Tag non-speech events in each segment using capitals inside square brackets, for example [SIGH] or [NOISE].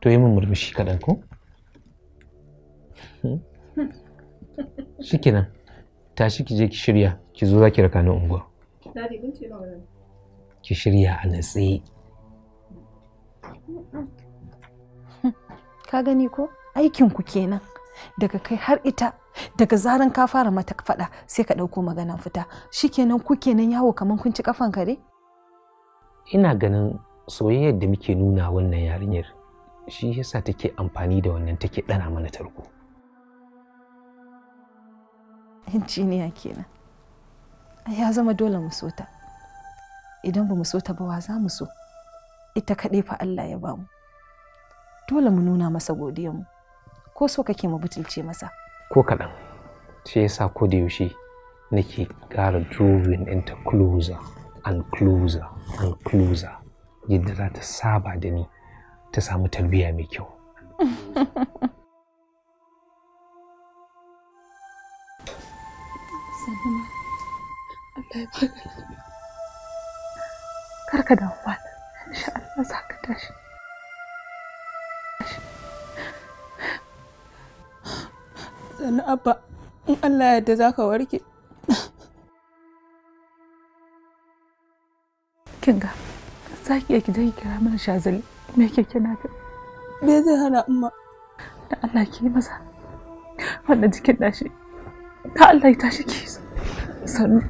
to yi min murmushi kaɗan ko shikenan tashi ki je ki shirya ki zo za ki raka ni unguwa ki shirya a natse ka gani ko aikin kenan daga kai har ita daga zaran ka fara mata faɗa sai ka ɗauko maganan fita shikenan ku kenan yawo kamar kun ci kafan kare ina ganin soyayyar da muke nuna wannan yarinyar shi yasa take amfani da wannan take ɗana mana tarko injiniya kenan ya zama dole mu so ta idan ba mu so ta ba wa za mu so ita kaɗai fa Allah ya ba mu dole mu nuna masa mu ko so kake mu butulce masa ko kaɗan shi yasa ko da yaushe nake ƙara drawing into closer and closer and closer yadda za ta saba da ni ta samu tarbiyya mai kyau karka da wani insha Allah za ka tashi sannan abba in Allah yadda za ka warke kinga za ki iya ki je ki kira mana shazali me yake kina ga me zai hana umma da Allah ki maza wannan jikin dashi ta Allah ya tashi ki sannu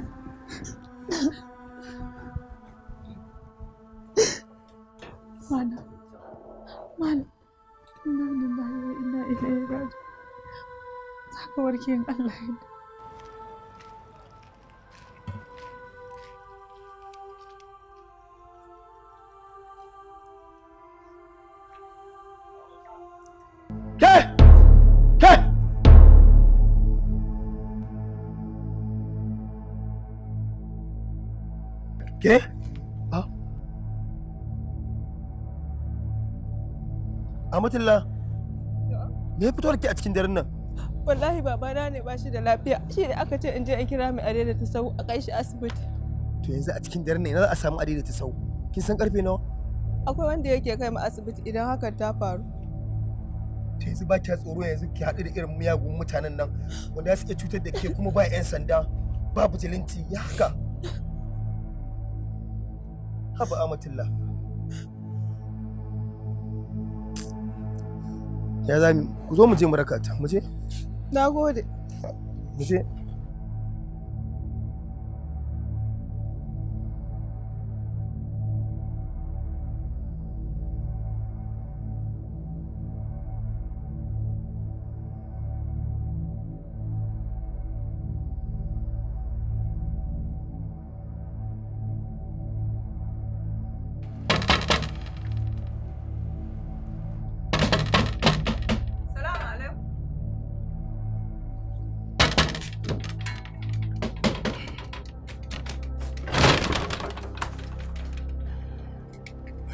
mana mana inna lillahi wa inna ilaihi raji'un saka warke in Allah ya Ke! Ke! Ke? Ha? Amatullah, me fito da a cikin daren nan? Wallahi babana ne ba shi da lafiya, shi ne aka ce in je in kira mai adaidaita sau a kai shi asibiti. To yanzu a cikin daren nan ina za a samu adaidaita sau. Kin san karfe nawa? Akwai wanda yake kai mu asibiti idan hakan ta faru. ta yanzu ba kya tsoro yanzu ki haɗu da irin miyagun mutanen nan wanda ya su cutar da ke kuma ba 'yan sanda ba bujilinti ya haka haba amatullah ya zami ku zo mu je mu rakata mu je na gode mu je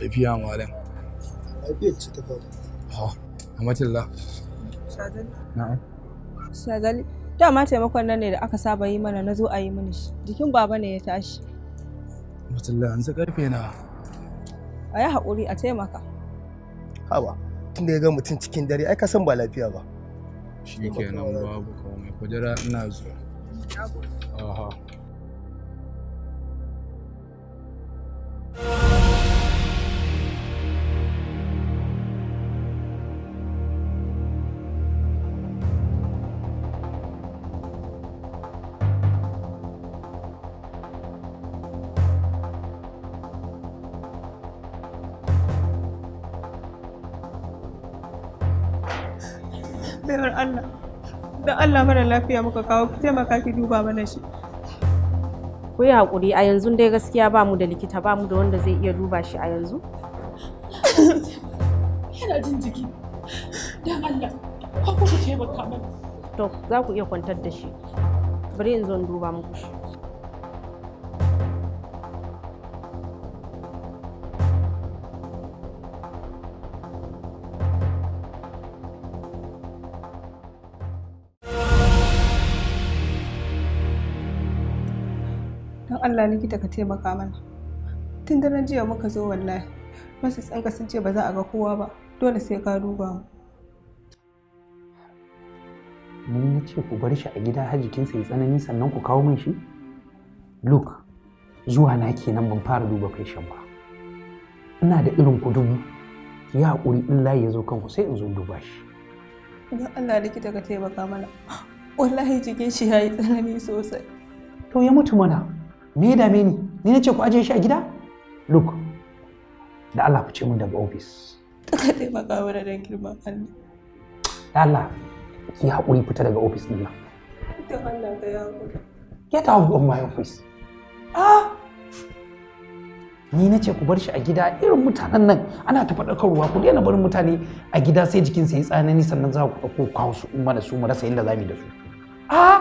كيفية مالا بيت تفضل ها حمات الله شاذلي نعم shazali dama taimakon nan ne da aka saba yi mana na zo a yi mini shi jikin baba ne ya tashi matalla an sa karfe na a yi haƙuri a taimaka haba tun da ya ga mutum cikin dare ai ka san ba lafiya ba shi kenan babu komai kujera ina zuwa aha baiwar Allah don Allah mara lafiya muka kawo ki taimaka ki duba mana shi ku yi hakuri a yanzu dai gaskiya ba mu da likita ba mu da wanda zai iya duba shi a yanzu yana jin jiki don Allah ko ku taimaka mana to za ku iya kwantar da shi bari in zo in duba muku shi Allah likita ka taimaka mana tun daren jiya muka zo wallahi masu tsanka sun ce ba za a ga kowa ba dole sai ka duba mu mun na ce ku bar shi a gida har jikinsa ya tsanani sannan ku kawo min shi luke zuwa na kenan ban fara duba shan ba ina da irin ku dubu ya haƙuri in layi ya zo kanku sai in zo duba shi don allah likita ka taimaka mana [GASPS] wallahi jikin shi ya yi tsanani sosai to ya mutu mana me ya dame ni ni na ce ku ajiye shi a gida look da Allah ku ce min daga ofis ka taimaka mana da girman Allah da Allah ki haƙuri fita daga ofis din nan da Allah ka ya get out of my office ah ni na ce ku bar shi a gida irin mutanen nan ana ta faɗakarwa ku daina barin mutane a gida sai jikinsa ya tsanani sannan za ku ɗauko kawo su in mana su mu rasa inda za mu da su ah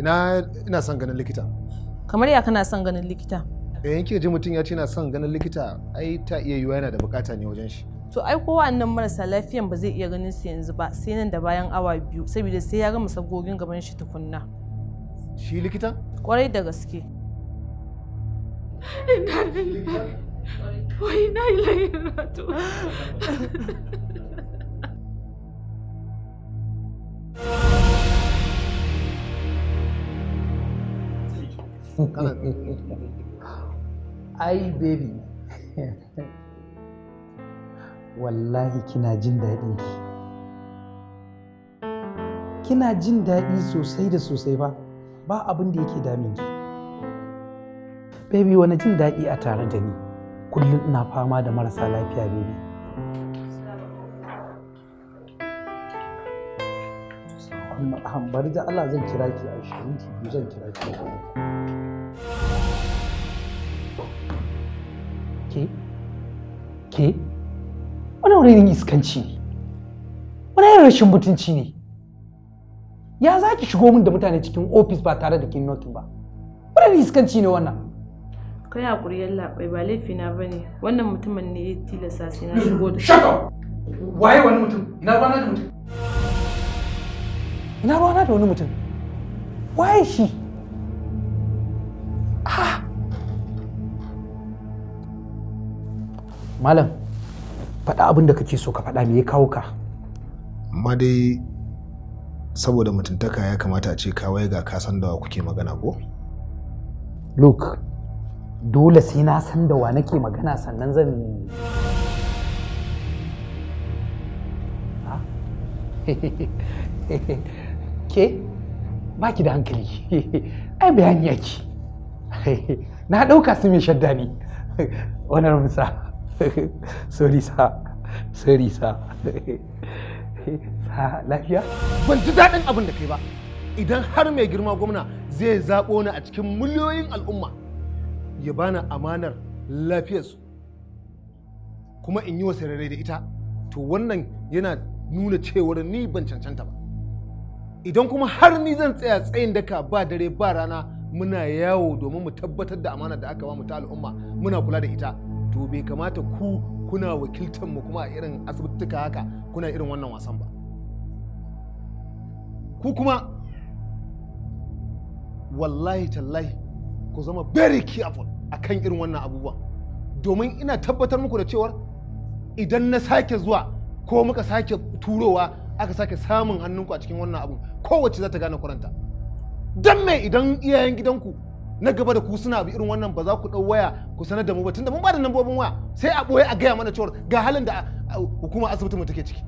ina ina son ganin likita kamar ya kana son ganin likita da eh, yanke ji mutum ya ce na son ganin likita ai ta iya yiwa yana da bukata ne wajen shi to ai kowa annan marasa lafiyan ba zai iya ganin su yanzu ba sai nan da bayan awa biyu saboda sai ya gama sagogin gaban shi tukunna shi likita kwarai da gaske ina lillahi wa ina ilaihi raji'un [LAUGHS] [LAUGHS] ai baby [LAUGHS] wallahi kina jin daɗin ki kina jin daɗi sosai da sosai ba ba abin da yake damin ki baby wani jin daɗi a tare da ni kullum ina fama da marasa lafiya baby bari da Allah zan kira ki a shirin ki zan kira ki ke wani wurin iskanci ne wani rashin mutunci ne ya za ki shigo min da mutane cikin ofis ba tare da kin notin ba wani iskanci ne wannan kai a yalla bai ba laifi na bane wannan mutumin ne ya tilasta sai na shigo da shi waye wani mutum ina ruwana da mutum ina ruwana da wani mutum waye shi malam faɗa abin da kake so ka faɗa me ya kawo ka amma dai saboda mutuntaka ya kamata a ce kawai ga ka san da kuke magana ko look dole sai na san da wa nake magana sannan zan [LAUGHS] ke ba ki da hankali [LAUGHS] ai bayani yake [LAUGHS] na ɗauka su mai shadda ne wani musa [LAUGHS] sorry sa sorry sa sa lafiya ban ji daɗin abin da kai ba idan har mai girma gwamna zai zaɓo ni a cikin miliyoyin al'umma ya bani amanar lafiyarsu kuma in yi wa sararai da ita to wannan yana nuna cewar ni ban cancanta ba idan kuma har ni zan tsaya tsayin daka ba dare ba rana muna yawo domin mu tabbatar da amanar da aka ba mu ta al'umma muna kula da ita to bai kamata ku kuna wakiltar mu kuma a irin asibitika haka kuna irin wannan wasan ba ku kuma wallahi tallahi ku zama very careful akan irin wannan abubuwan domin ina tabbatar muku da cewar idan na sake zuwa ko muka sake turowa aka sake samun hannunku a cikin wannan abu kowace za ta gane kuranta don me idan iyayen gidanku na gaba da ku suna abu irin wannan ba za ku ɗau waya ku sanar da mu ba tunda mun ba da lambobin waya sai a ɓoye a gaya mana cewa ga halin da hukumar asibitin mu take ciki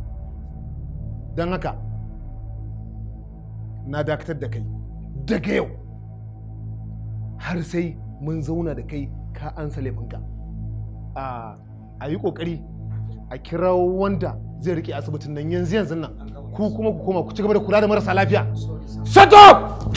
don haka na dakatar da kai daga yau har sai mun zauna da kai ka ansa laifinka a yi kokari a kira wanda zai rike asibitin nan yanzu yanzu nan ku kuma ku koma ku ci gaba da kula da marasa lafiya shut up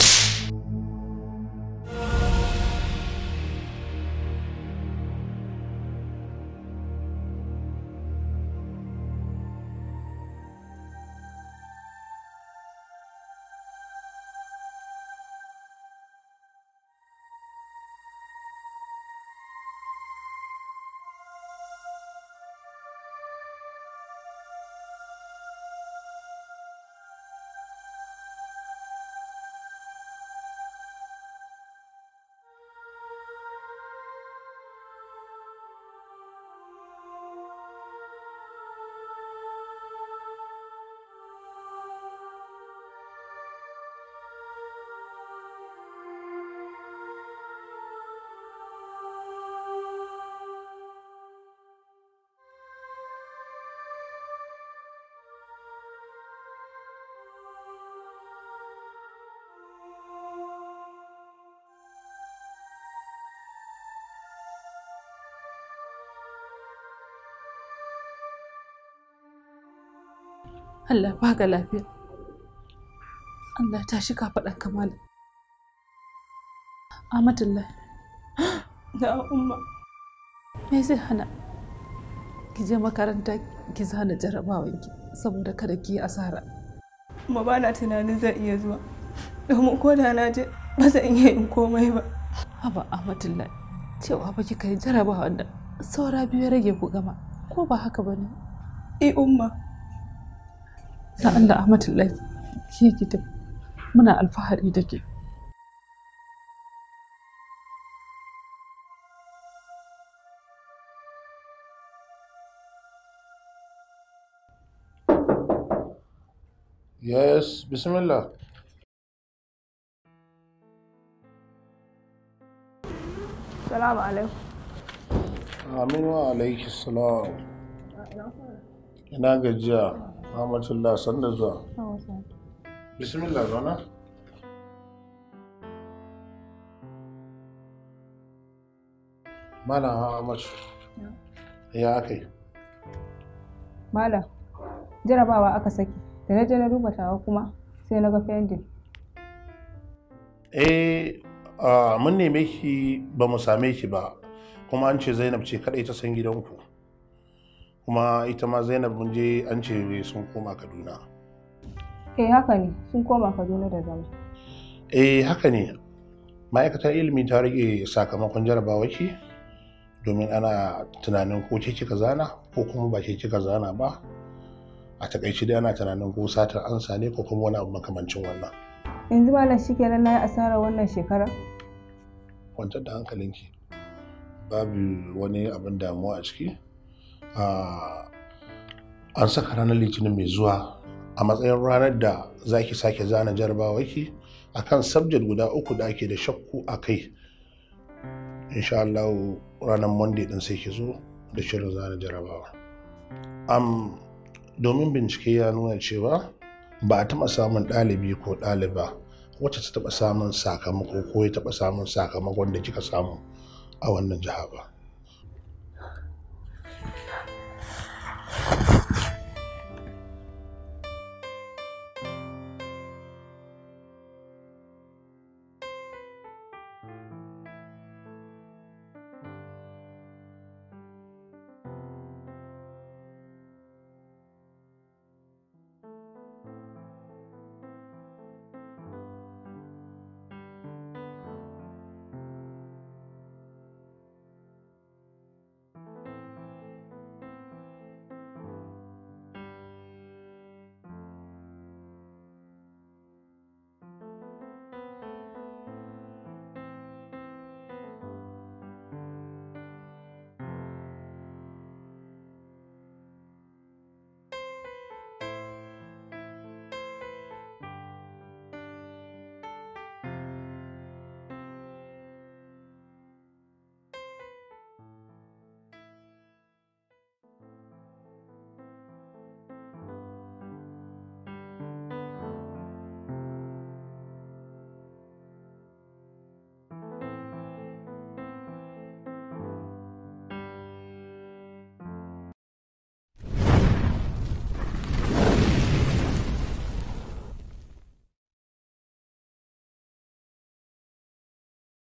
Allah ba ka lafiya Allah ta shi ka faɗa kamala Amatullah da [GASPS] umma me zai hana ki je makaranta ki zana jarabawanki saboda kada ki yi asara kuma ba na tunanin zan iya zuwa domin ko da na je ba zan iya yin komai ba haba amatullah cewa ba ki yi jarabawa da saura biyu rage ku gama ko ba haka ba ne eh umma da Allah Ahmadullahi ke gida muna alfahari da ke Yes, bismillah. Salamu alaikum. Aminu alaikum salam. Ina gajiya. Rahmatullah san da zuwa. Bismillah zauna. Malam Ahmadu. Ya aka yi. jarabawa aka saki. Da na je na duba tawa kuma sai na ga fendin. Eh, ah, mun neme ki ba mu same ki ba, kuma an ce Zainab ce kaɗai ta san gidanku. kuma ita ma zainab mun je an ce sun koma kaduna eh haka ne sun koma kaduna da zama eh haka ne ma'aikatar ilimi ta rage sakamakon jarabawa ki domin ana tunanin ko ce kika zana ko kuma ba ce kika zana ba a takaici dai ana tunanin ko satar ansa ne ko kuma wani abu makamancin wannan yanzu malam shi kenan na yi asarar wannan shekara kwantar da hankalinki babu wani abin damuwa a ciki Ah, an saka ranar litinin mai zuwa a matsayin ranar da za ki sake zana ki a kan subject guda uku da ake da shakku a kai insha Allah ranar monday din sai ki zo da shirin zana jarabawa am domin bincike ya nuna cewa ba a taɓa samun ɗalibi ko ɗaliba wacce ta taɓa samun sakamako ko ya taɓa samun sakamakon da kika samu a wannan jiha ba